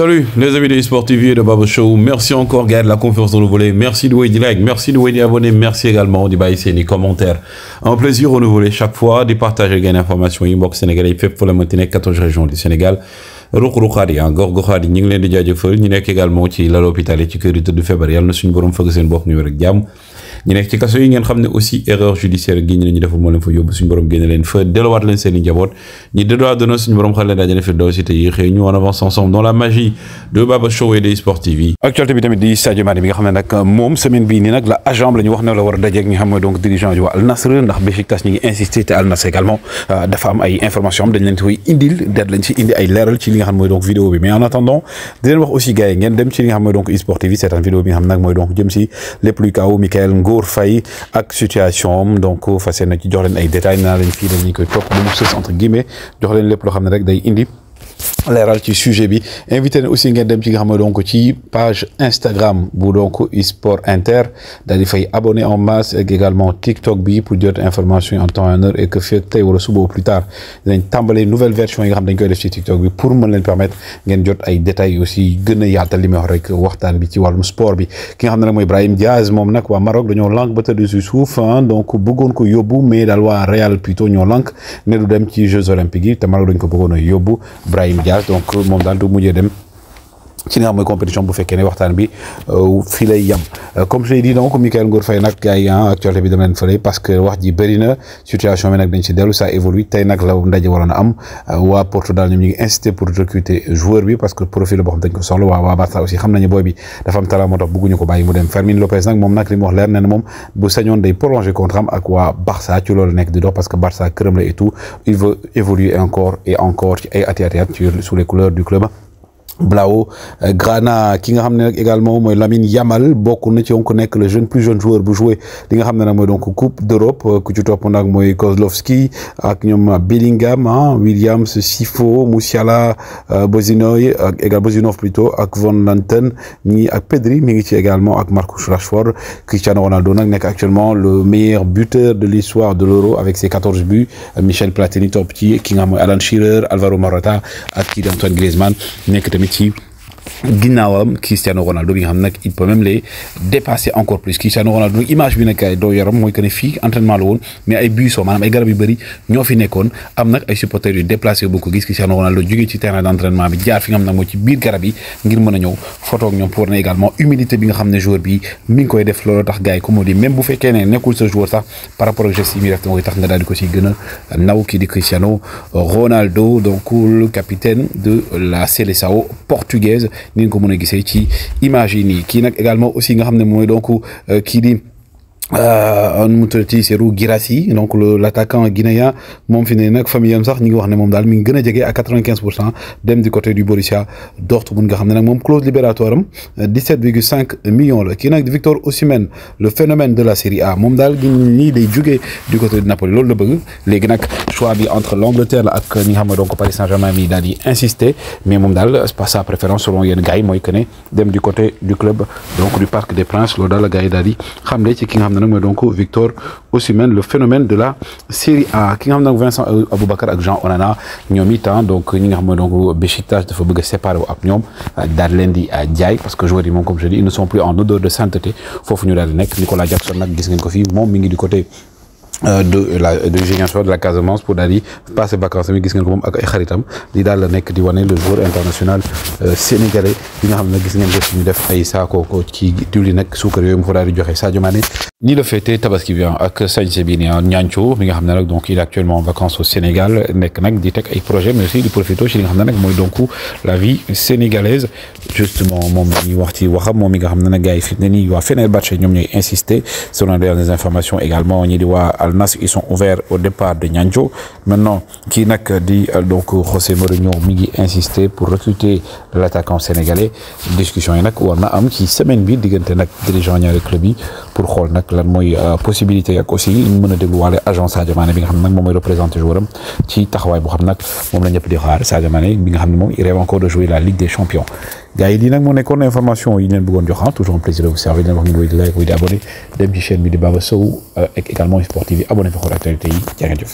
Salut les amis de eSport TV et de Babo Show. Merci encore gars, de la confiance dans le volet. Merci de des like, merci de des abonnés, merci également de baisser les commentaires. Un plaisir au nouveau chaque fois de partager des informations inbox sénégalais fait pour la maintenir 14 régions du Sénégal. ruq-ruqaat yi ah gox ngi également ci est à l'hôpital. ci qui est tëdd février. Nous na suñu borom fëgg seen un bon numéro de ñu nekk ci kaso yi ngeen xam ne aussi erreur judiciaire gi ñu ne ñu defu moo leen fa yóbbu suñu borom génne leen fa delluwaat leen seen i njaboot ñu dédowa dono suñu borom xale leen daajale fi daw si yi xëy ñu on avance ensemble dans la magie de Baba Show et des Sport TV actualité bi tamit di Sadio Mané bi nga xam ne nag moom semaine bii nii nag la agent la ñu wax ne la war a dajeeg ñi xam ne donc dirigeant yi wa Al Nassr ndax Beşiktaş ñu ngi insister te Al Nassr également euh, dafa am ay information am dañ leen koy indil der lañ ci indi ay leeral ci li nga xam mooy donc vidéo bi mais en attendant di leen wax aussi gars yi ngeen dem ci li nga xam mooy donc e sport TV seetaan vidéo bi nga xam nag mooy donc jëm si lépp luy kaaw Michael Ngo Mbour Faye ak situation am donc fas yéene ci jox leen ay détails nee naa leen fii dañu koy topp ba mu sës entre guillemets jox leen lépp loo xam ne rek day indi. les ci sujet bi invité aussi ngeen dem ci nga donc page Instagram bu donc sport Inter daal fay en masse et également TikTok bi pour jot information en temps et en heure et que fait plus tard dinañ tambalé nouvelle version nga xam TikTok bi pour mën le permettre ngeen jot ay détails aussi gën a yaatal wax rek sport bi ki nga xam ne Diaz Maroc ah, donc ko mais Real plutôt ñoo lank. dem Jeux olympiques Maroc dañ ko donc euh, mon du ci li nga xam compétition bu fekkene waxtan bi euh, fi lay yam euh, comme j'ai dit donc Mikayil Ngor Fay nak gars yi ah, actualité bi dama len fële parce que wax ji bëri na situation bi nak dañ ci delu ça évolue tay nak la ndaje waroon a am euh, wa Porto daal ñoom ñu ngi insisté pour recruter joueur bi parce que profil bo xam dañ ko soxlo wa wa Barça aussi xam nañu boy bi dafa am talent moo tax bëgguñu ko bàyyi mu dem Fermin Lopez nak mom nak li mu wax leer né mom bu sañoon day prolonger contrat am ak waa Barça ci lolu nek di do parce que Barça kërëm la et tout il veut évoluer encore et encore ay ati sur les couleurs du club Blao euh, Grana ki nga également Lamine Yamal bokku na ci le jeune plus jeune joueur bu jouer li nga xamné nak coupe d'Europe euh, ku ci top nak moy Kozlowski ak Bellingham ah, Williams Sifo Musiala euh, Bozinoy ak Bozinov plutôt ak Van Lanten Pedri mi ci également ak Marcus Rashford Cristiano Ronaldo qui est actuellement le meilleur buteur de l'histoire de l'Euro avec ses 14 buts Michel Platini Top ci ki nga Alan Shearer Alvaro Morata ak Antoine Griezmann with you. ginaawam Cristiano Ronaldo bi nga xam nag il peut même les dépasser encore plus Cristiano Ronaldo image bi nekk doo yaram mooy que ne fii entraînement la woon mais ay buissons maanaam ay garab yu bëri ñoo fi nekkoon am nag ay supporters yu déplacé bu ko gis Cristiano Ronaldo jógee ci terrain d' entraînement bi jaar fi nga xam nag moo ci biir garab yi ngir mën a ñëw photo ak ñoom pour ne également humilité bi nga xam ne joueur bi mi ngi koy def loolu tax gars yi comme on dit même bu fekkee ne nekkul sa joueur sax par rapport ak geste yi muy def mooy tax nga daal di ko gën a naw kii di Cristiano Ronaldo donc le capitaine de la Seleção portugaise ni ngeen ko mën a gisee ci image yi nii kii nag également aussi nga xam ne mooy donc euh, kii di Euh, numutati Serhou Girassi donc l'attaquant guinéen moom fi ne nag famille sax ñi ngi wax ne moom daal mi ngi gën a à 95% vingt dem du côté du Borussia Dortmund nga xamné nak mom clause libératoire am 17,5 euh, millions la ki nak Victor Osimhen le phénomène de la Série A mom dal gi ni day jugee du côté de Napoli loolu la bëgg légui nak choix bi entre l'Angleterre ak ñi nga xam donc Paris Saint-Germain mi daal di insister mais moom daal sa préférence selon yéen Gay, moy mooy que dem du côté du club donc du Parc des Princes loolu dal Gay. gars yi ci ki nga nous donc Victor Osimhen le phénomène de la Syrie A qui avons donc Vincent Aboubakar avec Jean Onana Nyomita donc ñi donc Beşiktaş de Fobuga séparé au Apnium Darlendi à leen euh, parce que joueurs yi monde comme je dis ils ne sont plus en odeur de sainteté faut finir avec Nicolas Jackson nag gis ngeen ko du côté euh, de la de Ziguinchor de la Casamance pour daal di passé vacances mais gis ngeen ko moom ak ay xaritam di daal la di wane le jour international euh, sénégalais bi nga xam ne gis ngeen def ay saako ko ci diwlin nag suukar yooyu mu fa daal Mané. ni le féetee tabaski bi ah, ak sañse bi ni ah, ñaanco mi nga xam ne donc il est actuellement en vacances au Sénégal nek nak di teg ay projet mais aussi du profito ci nga xam nak moy donc la vie sénégalaise justement mon la ñuy wax ci waxam moom mi nga xam ne nag gars yi fi mu ne nii waa Fenerbahçe ñoom ñooy insister selon les informations également ñi di wa ils sont ouverts au départ de Nyanjo maintenant qui dit di euh, donc José Mourinho qui insisté pour recruter l'attaquant sénégalais discussion il y a na am ci semaine bi déjà dirigeant le club pour xool nak lan moy euh, possibilité ak aussi ñu mën a walé agent Sadio Mané bi nga xam nak mom moy représenter joueuram ci taxaway bu xam nak mom la ñëpp di xaar Sadio Mané bi nga xam ne moom il rêve encore de jouer la Ligue des Champions gars yi lii nag moo nekkoon information yi ñu leen bëggoon jox ha hein. toujours un plaisir de vous servir leen wax ngeen woy like woy di abonné dem ci chaîne bi di Baba Sow euh, ak également sportif yi abonné fi xool actualité yi jaa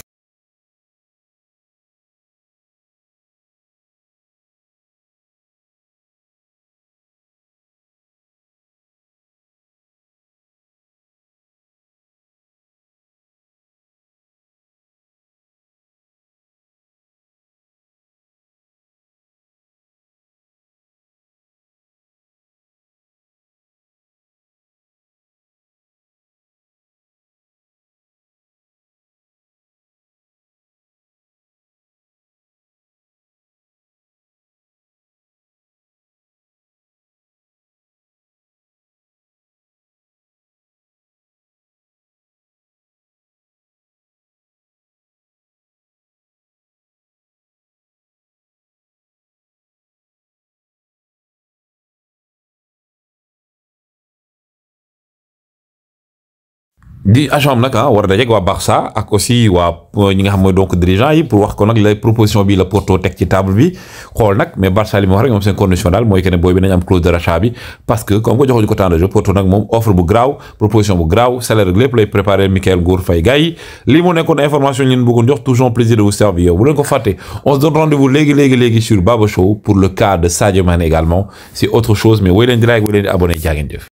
di agent nak nag ah, war dajek wa waa Barça ak aussi wa euh, ñi nga xam mooy donc dirigeant yi pour wax ko nak la proposition bi le Porto tek ci table bi xol nak mais Barça li mo wax rek moom seen condition daal mooy que ne boy bi nañ am clause de rachat bi parce que comme ko joxuñu ko temps de jeu Porto nak mom offre bu graw proposition bu graw salaire le lay préparé Michael Gour Faye gay li mo moo information yi ñu leen jox toujours plaisir de vous servir bu leen ko faté on se donne rendez-vous léegi léegi léegi sur Baba Show pour le cas de Sadio Mané également c'est autre chose mais wéy leen di like wéy abonné jaa jëf